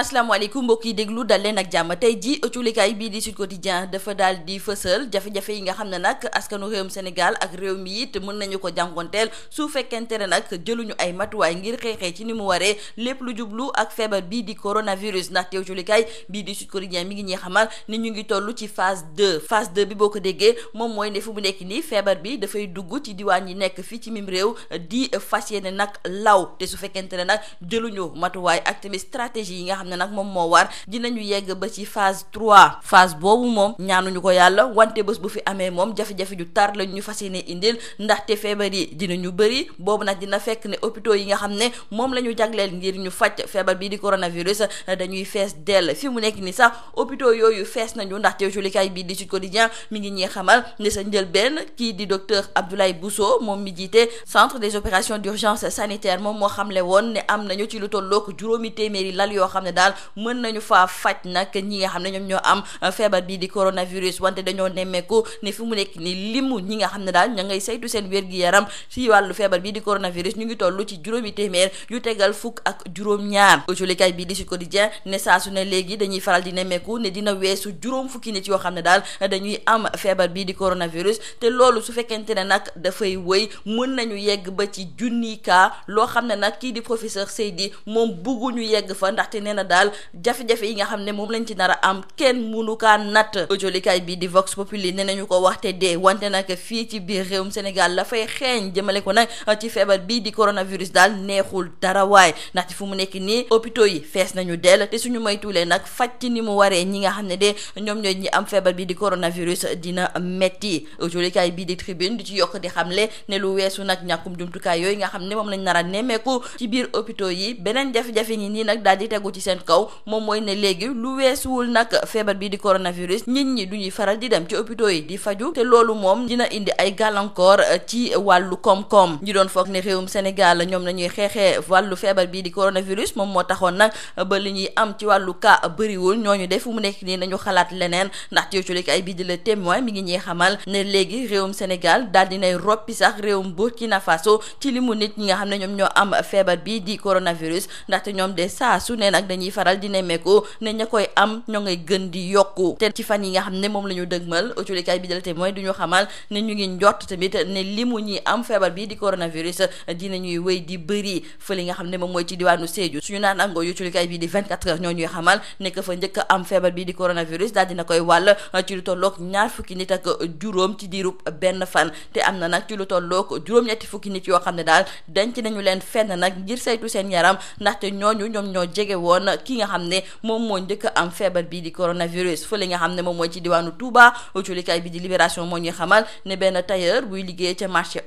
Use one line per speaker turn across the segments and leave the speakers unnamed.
asalaamaaleykum mbokk yi déglu dal leen ak jàmm tey ji ëcculikaay bii di Sud Quotidien dafa daal di fësal jafe-jafe yi nga xam ne nag askanu réewum Sénégal ak réew mi it mën nañu ko jànkonteel su fekkente ne nag jëluñu ay matuwaay ngir xeexee ci ni mu waree lépp lu jublu ak feebar bii di coronavirus ndaxte ëcculikaay bii di Sud Quotidien mi ngi ñuy xamal ni ñu ngi toll ci phase 2 phase bi boo ko déggee moom mooy ne fu mu nekk nii feebar bi dafay dugg ci diwaan yi nekk fii ci mim réew di fas yéene nag law te su fekkente ne nag jëluñu matuwaay ak tamit stratégie yi nga xam xam ne nag moom moo war dinañu yegg ba ci phase trois phase boobu moom ñu ko yàlla wante bés bu fi amee moom jafe-jafe ju tar lañ ñu fas yéene indil ndaxte feebar yi ñu bëri boobu nag dina fekk ne hôpitaux yi nga xam ne moom la ñu jagleel ngir ñu faj feebar bii di coronavirus dañuy fees dell fi mu nekk nii sax hôpitaux yooyu fees nañu ndaxte julikaay bi di Sud Quotidien mi ngi ñuy xamal ne sa njël benn kii di docteur Abdoulaye Bousso moom mi jiite centre des opérations d'urgence sanitaire moom moo xamle woon ne am nañu ci lu tollook juróomi téeméeri lal yoo xam ne daal mën nañu faa faj nag ñi nga xam ne ñoom ñoo am feebar bii di coronavirus wante dañoo nemmeeku ne fi mu nekk ni limu ñi nga xam ne daal ña ngay saytu seen wér-gi-yaram fi wàllu feebar bii di coronavirus ñu ngi tollu ci juróomi téeméer yu tegal fukk ak juróom-ñaar julikaay bii di Sud Quotidien ne saa su ne léegi dañuy faral di nemmeeku ne dina weesu juróom fukki nit yoo xam ne daal dañuy am feebar bii di coronavirus te loolu su fekkente ne nag dafay wëy mën nañu yegg ba ci junni kaa loo xam ne nag kii di professeur Seydi moom bugguñu yegg fa ndaxte nee na na daal jafe-jafe yi nga xam ne moom lañ ci nar a am kenn munu kaa natt jolikaay bi di Vox Populi ne nañu ko waxte dee wante nag fii ci biir réewum Sénégal la fay xeeñ jëmale ko nag ci feebar bii di coronavirus daal neexul dara waay ndax fu mu nekk nii hôpitaux yi fees nañu dell te suñu moytuwulee nag faj ci ni mu waree ñi nga xam ne de ñoom ñooy ñi am feebar bi di coronavirus dina metti jolikaay bii di tribune di ci yokk di xamle ne lu weesu nag ñàkkum jumtukaay yooyu nga xam ne moom lañ a nemmeeku ci biir hôpitaux yi beneen jafe-jafe ngi nii nag daal di tegu ci seen seen kaw moom mooy ne léegi lu weesuwul nag feebar bi di coronavirus nit ñi du ñuy faral di dem ci hôpitaux yi di faju te loolu moom dina indi ay gàllankoor eh, ci wàllu koom-koom ñi doon foog ne réewum Sénégal ñoom la ñuy xeexee wàllu feebar bii di coronavirus moom moo taxoon nag ba li ñuy am ci wàllu cas bëriwul ñooñu def fu mu nekk nii nañu xalaat leneen ndax ci ay bii di la mu nit ñi nga xam ne ñoom ñoo am feebar bi di coronavirus ndaxte ñoom de saa su ne nag ñuy faral di nemmeeku ne ña koy am ñoo ngay gën di yokku te ci fan yi nga xam ne moom la ñu dëgmal autolikaay bi dal te mooy du ñu xamal ne ñu ngi njott tamit ne limu ñuy am feebar bi di coronavirus dinañuy wéy di bëri fa li nga xam ne moom mooy ci diwaanu Sédhiou suñu naan angoo autolikaay bi di 24 heures ñoo ñuy xamal ne ka fa njëkk am feebar bi di coronavirus daal dina koy wàll ci lu tolloog ñaar fukki nit ak juróom ci diirub benn fan te am na ci lu tolloog juróom-ñetti fukki nit yoo xam ne daal denc nañu leen fenn nag ngir saytu seen yaram ndaxte ñooñu ñoom ñoo wala ki nga xam ne moom moo njëkk am feebar bi di coronavirus fële nga xam ne moom mooy ci diwaanu Touba culikaay bi di libération moo ñuy xamal ne benn tailleur buy liggéey ca marché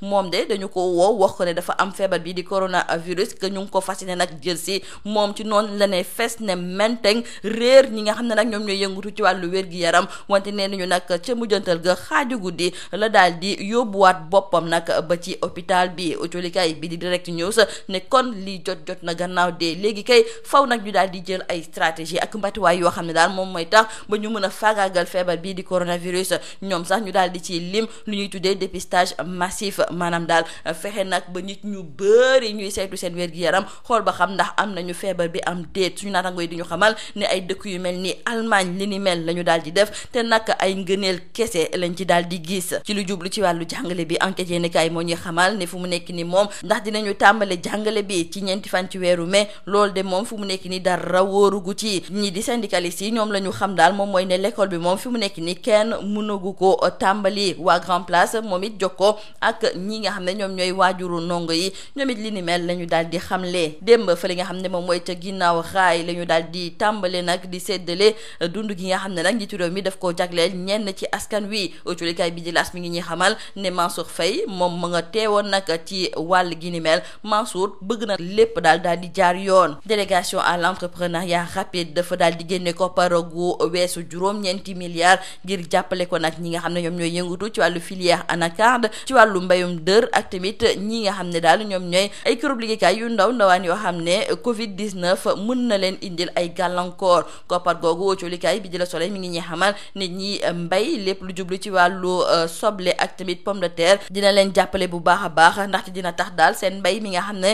moom de dañu ko woo wax ko ne dafa am feebar bi di coronavirus que ñu ngi ko fas yéene nag jël si moom ci noonu la ne fes ne menteng réer ñi nga xam ne nag ñoom ñooy yëngatu ci wàllu wér yaram wante nee nañu nag ca mujjantal ga xaaju guddi la daal di yóbbuwaat boppam nag ba ci hôpital bi culikaay bi di direct news ne kon lii jot jot na gannaaw de léegi kay faw nag ñu daal di jël ay stratégie ak mbatuwaay yoo xam ne daal moom mooy tax ba ñu mën a faagaagal feebar bii di coronavirus ñoom sax ñu daal di ci lim lu ñuy tuddee dépistage massif maanaam daal fexe nag ba nit ñu bëri ñuy seetu seen wér-gi-yaram xool ba xam ndax am nañu feebar bi am déet suñu naataango yi di ñu xamal ne ay dëkk yu mel ni Allemagne li ni mel la ñu daal di def te nag ay ngëneel kese lañ ci daal di gis ci lu jublu ci wàllu jàngale bi enquête moo ñuy xamal ne fu mu nekk ni moom ndax dinañu tàmbale jàngale bi ci ñeenti fan ci weeru mai fu mu nekk ni dara wóorugu ci ñi di syndicalistes yi ñoom la ñu xam daal moom mooy ne l'école bi moom fi mu nekk ni kenn mënagu ko tàmbali waa grand place moom it jokkoo ak ñi nga xam ne ñoom ñooy waajuru ndongo yi ñoom it li ni mel la ñu daal di xamle démb fa li nga xam ne moom mooy ca ginnaaw raay la ñu daal di tàmbale nag di séddale dund gi nga xam ne nag njiitu réew mi daf koo jagleel ñenn ci askan wi autolikaay bi di laas mi ngi ñuy xamal ne Mansour Faye moom ma nga nag ci wàll gi ni incitation à l'entrepreneuriat rapide dafa daal di génne koppar gu weesu juróom-ñeenti milliards ngir jàppale ko nag ñi nga xam ne ñoom ñooy yëngatu ci wàllu filière anacarde ci wàllu mbayum dër ak tamit ñi nga xam ne daal ñoom ñooy ay këru liggéeykaay yu ndaw ndawaan yoo xam ne Covid 19 mën na leen indil ay gàllankoor koppar googu coolikaay bi di la Soleil mi ngi ñuy xamal nit ñi mbay lépp lu jublu ci wàllu euh, soble ak tamit pomme de terre dina leen jàppale bu baax a baax ndaxte dina tax daal mi nga xam ne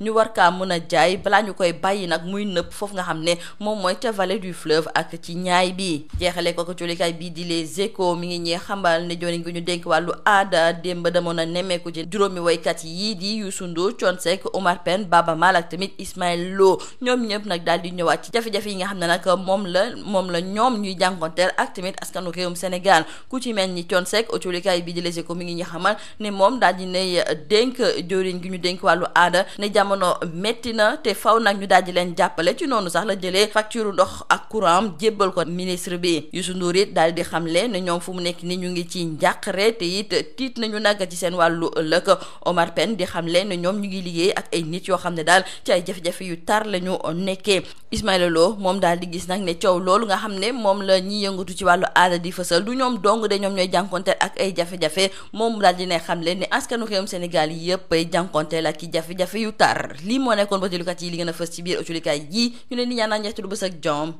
ñu war kaa mën a jaay balaa ñu koy bàyyi nag muy nëpp foofu nga xam ne moom mooy ca vallée du ak ci ñaay bi jeexale ko ko julikaay bii di les échos mi ngi ñee xambal ne joni ngi ñu dénk wàllu aada démb demoon a nemmeeku ci juróomi waykat yii di Youssou Ndour Thione Seck Omar Pène Baba Maal tamit Ismaël Lo ñoom ñëpp nag daal di ñëwaat ci jafe yi nga xam ne nag moom la moom la ñoom ñuy jànkonteel ak tamit askanu réewum Sénégal ku ci mel ni Thione Seck julikaay bii di les échos mi ngi ñu xamal ne moom daal di nay dénk joriñ gi ñu dénk wàllu aada ne jamono métti na te faw nag ñu daal di leen jàppale ci noonu sax la jëlee facture ndox ak courant am jébbal ko ministre bi Youssou Ndour it daal di xamle ne ñoom fu mu nekk ni ñu ngi ci njàqare te it tiit nañu nag ci seen wàllu ëllëg Omar Pène di xamle ne ñoom ñu ngi liggéey ak ay nit yoo xam ne daal ci ay jafe-jafe yu tar la ñu nekkee Ismaïla Lo moom daal di gis nag ne coow loolu nga xam ne moom la ñiy yëngatu ci wàllu aada di fësal du ñoom dong de ñoom ñooy jànkonteel ak ay jafe moom daal di ne xamle ne askanu réewum Sénégal yëpp ay jafe-jafe yu tar Sarr lii moo nekkoon ba lu kat li gën a fës ci biir ëtulikaay yi ñu leen di ñaanal njeexitalu bés ak jàmm